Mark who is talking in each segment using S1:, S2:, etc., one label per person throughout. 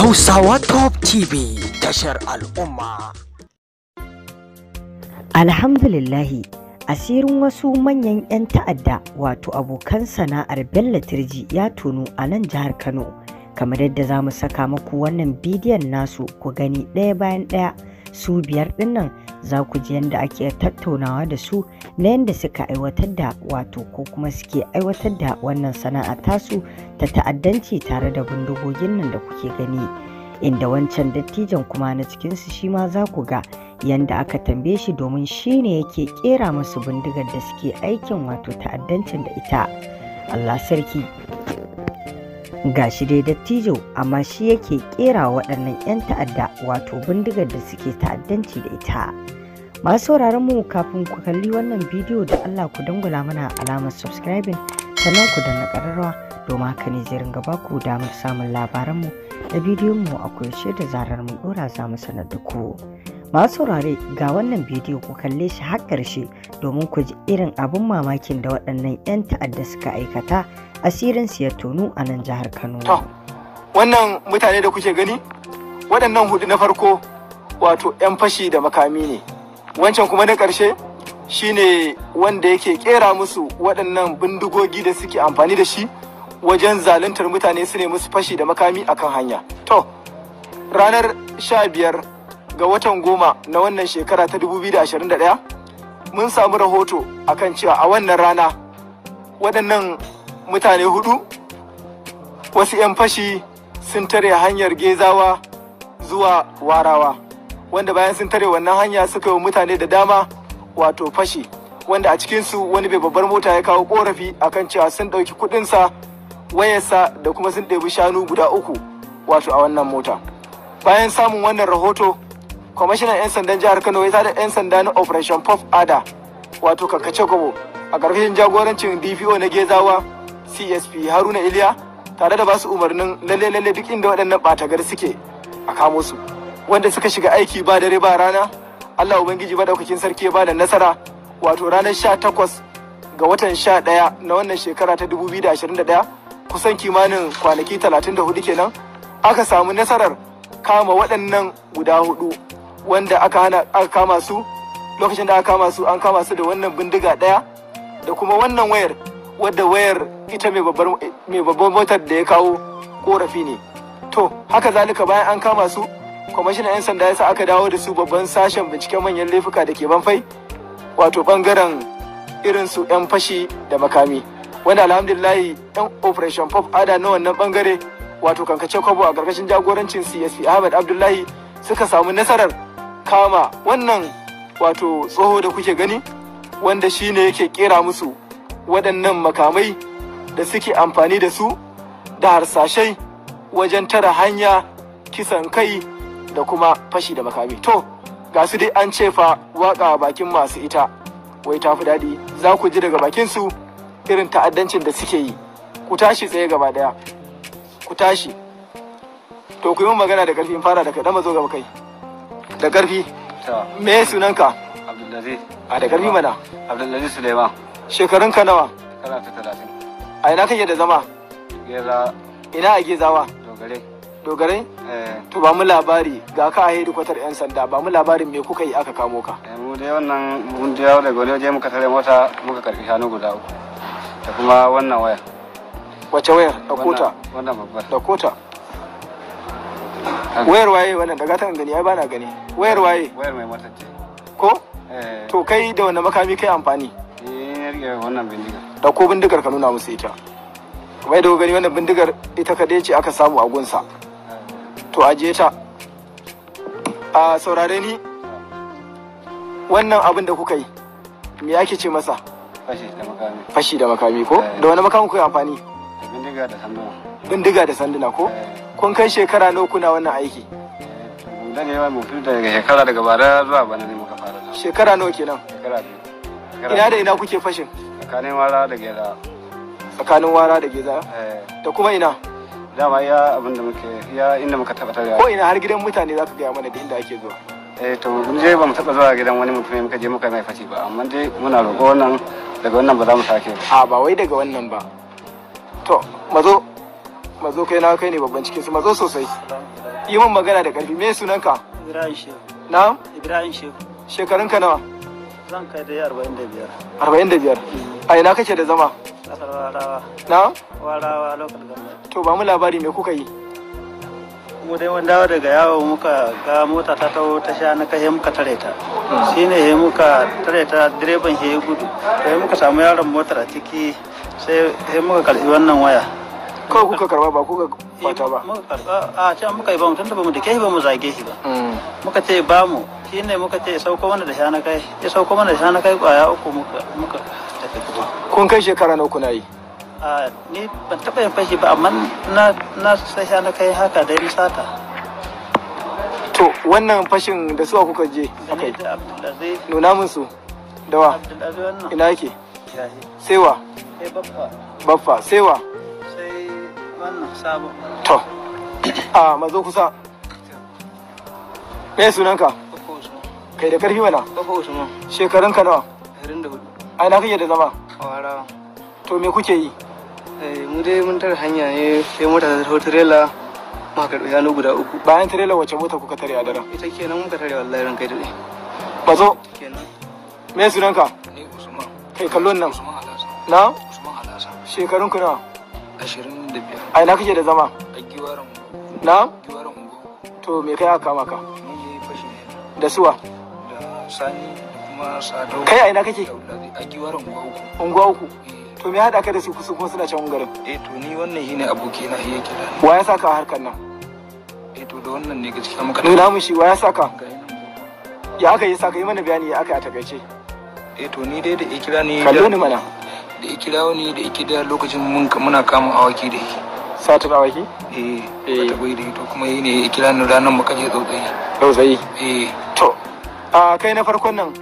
S1: Hausawa Top TV tashar al'umma. Alhamdulillahi asirin wasu manyan 'yan ta'adda wato abokan sana'ar Bello Tirji, ya tonu a nan jihar Kano. Kamar yadda za mu saka maku wannan bidiyon nasu ku gani ɗaya bayan ɗaya su biyar dinnan za ku ji yadda ake tattaunawa da su na yadda suka aiwatar da wato ko kuma suke aiwatar da wannan sana'a tasu ta ta'addanci tare da bindigogin nan da kuke gani inda wancan dattijan kuma na cikinsu shi ma za ku ga yadda aka tambaye shi domin shi ne yake kera masu bindigar da suke aikin wato ta'addancin da ita allah sarki Ga shi dai dattijo amma shi yake kera waɗannan 'yan ta'adda wato bindigar da suke ta'addanci da ita masu sauraron mu kafin ku kalli wannan bidiyo da Allah ku dangula mana alamar subscribing sannan ku danna ƙararrawa domin haka ne zai ringa baku damar samun labaranmu da bidiyonmu mu a koyaushe da zarar mun dora za mu sanar da ku Masu saurare ga wannan bidiyo ku kalle shi har ƙarshe domin ku ji irin abin mamakin da waɗannan 'yan ta'adda suka aikata asirin ya tonu a nan jihar Kano. To,
S2: wannan mutane da kuke gani waɗannan hudu na farko wato 'yan fashi da makami ne. Wancan kuma na ƙarshe shine wanda yake ƙera musu waɗannan bindigogi da suke amfani da shi wajen zaluntar mutane su ne musu fashi da makami akan hanya. To, ranar sha biyar ga watan goma na wannan shekara ta 2021 mun samu rahoto akan cewa a wannan rana waɗannan mutane hudu wasu 'yan fashi sun tare hanyar gezawa zuwa warawa wanda bayan sun tare wannan hanya suka yi mutane da dama wato fashi wanda a cikinsu wani bai babbar mota ya kawo korafi akan cewa sun ɗauki kuɗinsa wayarsa da kuma sun ɗebi shanu guda uku wato a wannan mota bayan samun wannan rahoto kwamishinan 'yan sandan jihar kano ya da 'yan sanda na operation pop ada wato kakace gobo a ƙarƙashin jagorancin dpo na gezawa csp haruna iliya tare da basu umarnin lalle lalle duk inda waɗannan ɓatagar suke a kamo su wanda suka shiga aiki ba dare ba rana allah ubangiji madaukakin sarki ya bada nasara wato ranar sha takwas ga watan sha ɗaya na wannan shekara ta dubu biyu da ashirin da ɗaya kusan kimanin kwanaki talatin da hudu kenan aka samu nasarar kama waɗannan guda hudu wanda aka hana aka kama su lokacin da aka kama su an kama su da wannan bindiga daya da kuma wannan wayar wadda wayar ita mai babban motar da ya kawo korafi ne to haka zalika bayan an kama su kwamishinan 'yan sanda ya sa aka dawo da su babban sashen binciken manyan laifuka da ke banfai wato bangaren irin su 'yan fashi da makami wanda alhamdulillahi 'yan operation pop ada na wannan bangare wato kankace kwabo a karkashin jagorancin csp ahmed abdullahi suka samu nasarar kama wannan wato tsoho da kuke gani wanda shine yake kera musu waɗannan makamai da suke amfani da su da harsashai wajen tara hanya kisan kai da kuma fashi da makami to ga su dai an ce fa waƙa bakin masu ita wai ta fi daɗi za ku ji daga bakinsu irin ta'addancin da suke yi ku tashi tsaye gaba ɗaya ku tashi to ku yi magana da ƙarfin fara da kaɗan mazo gaba kai da ƙarfi me sunanka abdulaziz a da ƙarfi mana abdulaziz suleiman shekarun ka nawa a ina kake da zama gera ina a gezawa dogare dogare eh. to ba mu labari ga ka a kwatar yan sanda ba mu labarin me kuka yi aka kamo ka eh, mu dai wannan mun da yawo daga wani waje muka tare mota muka karfi hannu guda uku da kuma wannan waya wace wayar da kota wannan babbar da kota Ah. wayar waye wannan daga ta gani ai bana gani wayar waye wayar mai mota ko eh. to kai da wannan makami kai amfani eh wannan bindigar da ko bindigar ka nuna musu ita kuma yadda gani wannan bindigar ita kaɗai ce aka samu a gunsa eh. to aje ta a saurare ni wannan abin da kuka yi me yake ce masa fashi da makami ko eh. da wani makamin kuka amfani bindiga da sanduna bindiga da sanduna ko kun kai shekara nawa kuna wannan aiki eh, dan ne mu fita daga shekara daga bara zuwa bana ne muka fara shekara nawa kenan shekara biyu ina da ina kuke fashin tsakanin wara da geza tsakanin wara da geza eh. da kuma ina dama ya abin da muke ya inda muka tabbatar ya ko ina har gidan mutane za ka gaya mana da inda ake zuwa eh to mun je ba mu taba zuwa gidan wani mutum ne muka je muka mai fashi ba amma dai muna roƙo wannan daga wannan ba za mu sake ba a ba wai daga wannan ba to mazo mazo kai na kai ne babban cikin su mazo sosai yi min magana da karfi me sunan ka ibrahim shehu na ibrahim shehu shekarun ka nawa zan kai da 45 45 a ina kake da zama kasar warawa na warawa local government to ba mu labari me kuka yi mu dai wanda dawo daga yawo muka ga mota ta tawo ta sha na kai muka tare ta hmm. shine he muka tare ta direban he gudu to muka samu yaron motar a ciki sai muka karbi wannan waya kawai kuka karba ba kuka eh, fata ba muka karba a ce muka yi ba mu tunda ba da kai bamu zage shi ba mm. muka ce ba mu shine muka ce sauko mana da shana kai ya sauko mana da shana kai kwaya uku muka muka tafi kun kai shekara na uku na yi a ni ban taba yin fashi ba amma na na sai shana kai haka dai sata to wannan fashin da suwa kuka je yi nuna min su dawa ina yake sewa sai baffa sewa sai wannan sabon to a mazo kusa me sunanka kai da karfi mana shekarun ka nawa a ina kake da zama to me kuke yi eh, mu dai mun tar hanya ne sai mota ta taho tirela muka karɓi gano guda uku bayan trela wacce mota kuka tare a daren ita kenan muka tare wallahi ran kai dai mazo kenan me sunanka kai kallon nan na shekarun ku nawa 25 ai na kike da zama a giwaran na giwaran to me kai aka kama ka da suwa da sani kuma sado kai ai na kike a giwaran unguwa uku eh. to me hada ka da su kusa kuma suna can ungarin eh to ni wannan shine aboki na yake kira wa ya saka harkan nan eh to da wannan ne gaskiya muka nuna mun shi wa ya saka ya aka yi saka yi mana bayani ya aka a takaice eh to ni dai da ya kira ni kallo ni mana da ya kira ni da ya lokacin mun muna kamun awaki da shi satin awaki eh eh ta bai da to kuma yi ne ya kira ni ranar muka je tsautsayi tsautsayi eh to a kai na farkon nan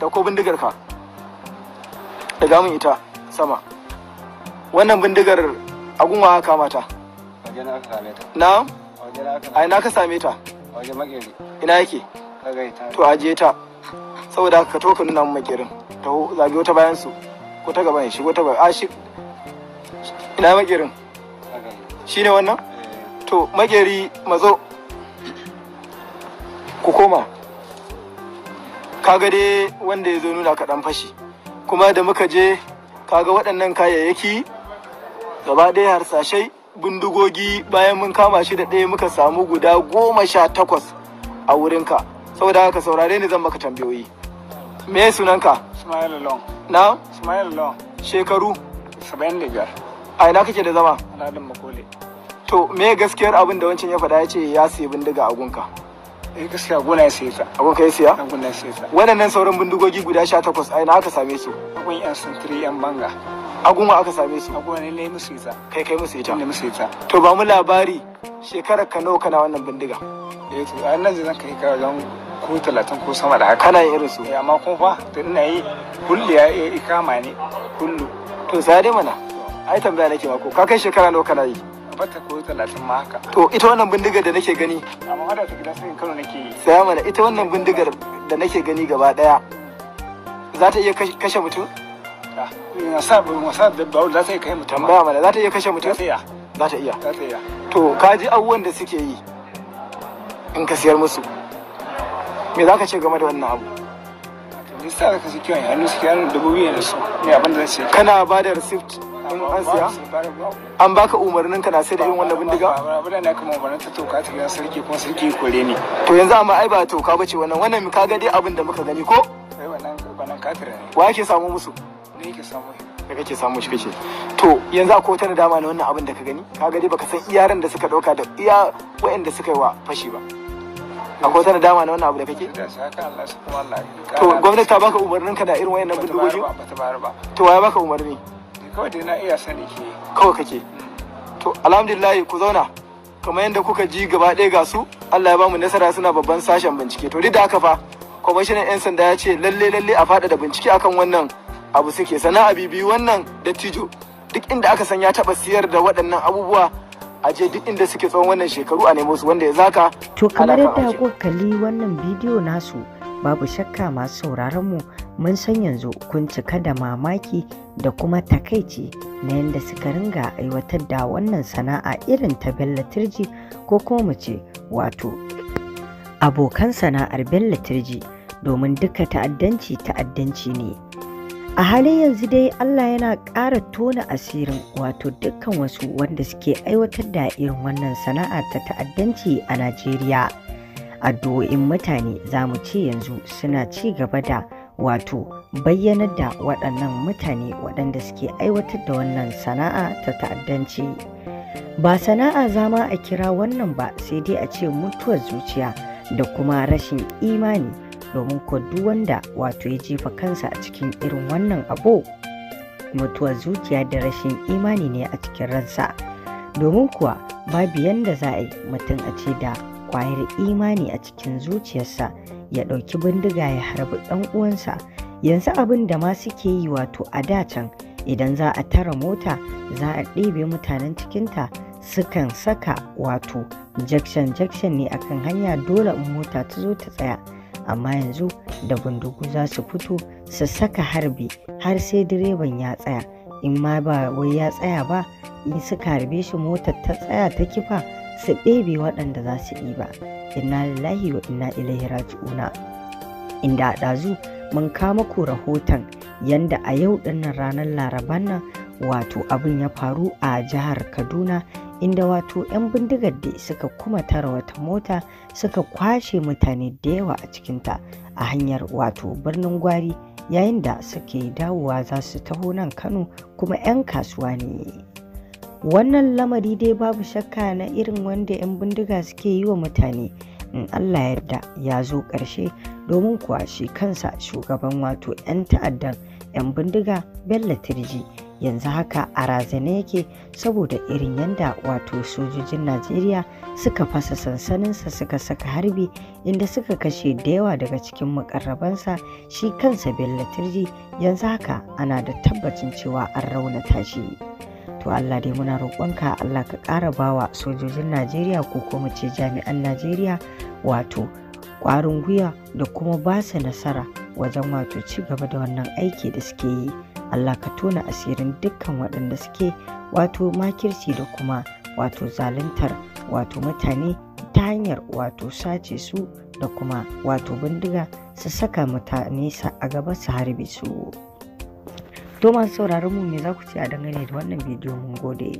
S2: da ko bindigar ka da gamun ita sama wannan bindigar agunwa aka mata na ai na ka same ta ina yake to aje ta saboda ka to ka nuna mu makerin ta zage wata bayan su ko ta gaba ne shi wata bayan a shi ina makerin shi ne wannan to makeri mazo ku koma kaga dai wanda ya zo nuna ka dan fashi kuma da muka je kaga waɗannan kayayyaki gaba ɗaya harsashai bindigogi bayan mun kama shi da ɗaya muka samu guda goma sha takwas a wurinka saboda haka saurare ne zan maka tambayoyi me sunanka Ismail Long na Ismail Long shekaru 75 a ina kake da zama Aladin Makole to me gaskiyar abin da wancan ya faɗa ya ce ya sayi bindiga a gunka eh gaskiya gona ya sayi ta gunka ya siya abun ya sayi ta waɗannan sauran bindigogi guda 18 a ina aka same su gun yan sintiri yan banga aguma aka same su aguma ne lai musu ita kai kai musu ita ne musu ita to ba mu labari shekarar ka nawa kana wannan bindiga eh to a nan zan kai ka wajen ko talatin ko sama da haka kana irin su eh, amma kun fa da ina yi kullu ya ikama ne kullu to dai mana ai tambaya nake ma ko ka kai shekara nawa kana yi bata ko talatin ma haka to ita wannan bindigar da nake gani amma hada ta sai in Kano nake yi sai mana ita wannan bindigar da nake gani gaba daya za ta iya kashe mutum ah, ina sa wasa da bawo za ta iya kashe mutum ba mana za ta iya kashe mutum za ta iya to ka ji abubuwan da suke yi in ka siyar musu me za ka ce game da wannan abu lista da kasu kiwon hannu suke hannu dubu biyu da su ne abin da zai kana ba da receipt an siya an ba ka umarnin kana sai da yin wannan bindiga ba da na kuma umarnin ta toka ta gidan sarki kuma sarki kore ne to yanzu amma ai ba toka ba ce wannan wannan ka ga dai abin da muka gani ko sai wannan wannan katira ne wa yake samu musu ne yake samu da kake samu shi kake to yanzu akwai wata dama na wannan abin da ka gani ka ga dai baka san iyaran da suka dauka da iya waɗanda suka yi wa fashi ba akwai wata nadama na wannan abu da kake to gwamnati ta baka umarnin ka da irin wayannan bindigogi to waya baka umarni kawai dai na iya sani ke kawai kake mm. to alhamdulillah ku zauna kamar yadda kuka ji gaba ɗaya ga su Allah ya bamu nasara suna babban sashen bincike to duk da aka fa kwamishinan 'yan sanda ya ce lalle lalle a faɗa da bincike akan wannan abu suke sana'a bibi wannan dattijo duk inda aka san ya taɓa siyar da waɗannan abubuwa a je duk inda suke tsawon wannan shekaru a nemo su wanda ya zaka
S1: to kamar yadda ku kalli wannan bidiyo nasu babu shakka masu sauraron mu mun san yanzu kun cika da mamaki da kuma takaici na yadda suka ringa aiwatar da wannan sana'a irin ta bella Turji ko kuma mu ce wato abokan sana'ar Bello Turji domin duka ta'addanci ta'addanci ne a halin yanzu dai allah yana ƙara tona asirin wato dukkan wasu wanda suke aiwatar da irin wannan sana'a ta ta'addanci a najeriya addu'o'in mutane za mu ce yanzu suna ci gaba da wato bayyanar da waɗannan mutane waɗanda suke aiwatar da wannan sana'a ta ta'addanci ba sana'a zama a kira wannan ba sai dai a ce mutuwar zuciya da kuma rashin imani domin wanda wato ya jefa kansa a cikin irin wannan abu mutuwar zuciya da rashin imani ne a cikin ransa domin kuwa babu yadda za a yi mutum a ce da kwayar imani a cikin zuciyarsa ya ɗauki bindiga ya harbi ɗan uwansa yanzu abin da ma suke yi wato a da can idan za a tara mota za a ɗebe mutanen cikinta sukan saka wato jakshan jakshan ne akan hanya dole in mota ta zo ta tsaya amma yanzu da gundugu za su fito su saka harbi har sai direban ya tsaya in ma ba wai ya tsaya ba in suka harbe shi motar ta tsaya ta kifa su ɗebe waɗanda za su yi ba inna lillahi wa inna ilaihi raji'una inda a ɗazu mun kama ku rahoton yanda a yau ɗinnan ranar laraban nan wato abin ya faru a jihar kaduna inda wato 'yan bindigar da suka kuma tara wata mota suka kwashe mutane da yawa a cikinta a hanyar wato birnin gwari yayin da suke dawowa za su taho nan kano kuma 'yan kasuwa ne wannan lamari dai babu shakka na irin wanda 'yan bindiga suke yi wa mutane in allah yarda ya zo ƙarshe domin kuwa shi kansa shugaban wato 'yan ta'addan 'yan bindiga bello tirji yanzu haka a razane yake saboda irin yadda wato sojojin najeriya suka fasa sansaninsa suka saka harbi inda suka kashe da yawa daga cikin mukarrabansa shi kansa bello turji yanzu haka ana da tabbacin cewa an raunata shi to allah dai muna roƙonka allah ka ƙara bawa sojojin najeriya ko kuma ce jami'an najeriya wato ƙwarin gwiwa da kuma ba su nasara wajen wato ci gaba da wannan aiki da suke yi Allah ka tona asirin dukkan waɗanda suke wato makirci da kuma wato zaluntar wato mutane ta hanyar wato sace su da kuma wato bindiga su saka mutane a gaba su harbe su. To masu sauraron mu me za ku ce a dangane da wannan bidiyo mun gode.